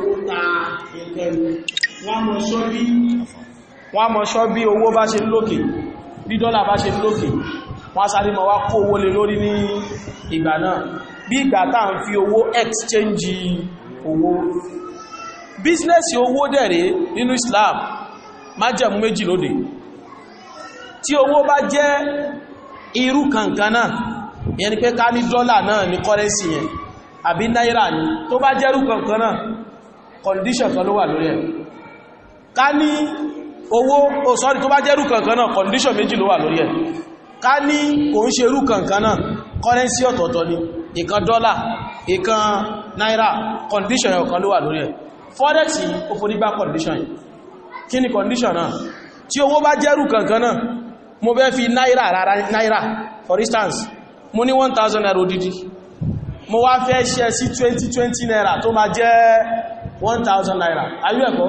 owó ta ẹ̀kẹ̀rù wọ́n mọ̀ ṣọ́ bí owó bá ṣe lókè bí dọ́là bá ṣe lókè wọ́n sáré mọ̀ wá kó owó lé lórí ní ìgbà náà bí ìgbà táà ń fi owó exchange owó bísínẹ́sì owó dẹ̀rẹ̀ nínú Islam májẹ̀mú méjì lóde tí owó bá jẹ́ irú kankan náà ìyẹn ni pé ká ní condition kan ló wà lórí ẹ̀ ká ní owó o oh, sorry tó bá jẹ́rù kankan náà condition méjì ló wà lórí ẹ̀ ká ní kò ń ṣerú kankan náà currency ọ̀tọ̀ọ̀tọ̀ ni ìkan dọ́là ìkan náírà condition ọ̀kan ló wà lórí ẹ̀ forex ó fún nígbà condition yìí kí ni condition náà tí owó bá jẹ́rù kankan náà mo bẹ́ fi náírà rárá náírà for instance mo ní 1000 naira odidi mo wá fẹ́ ṣe sí 2020 naira tó máa jẹ́ 1000 naira ayú ẹ̀kọ́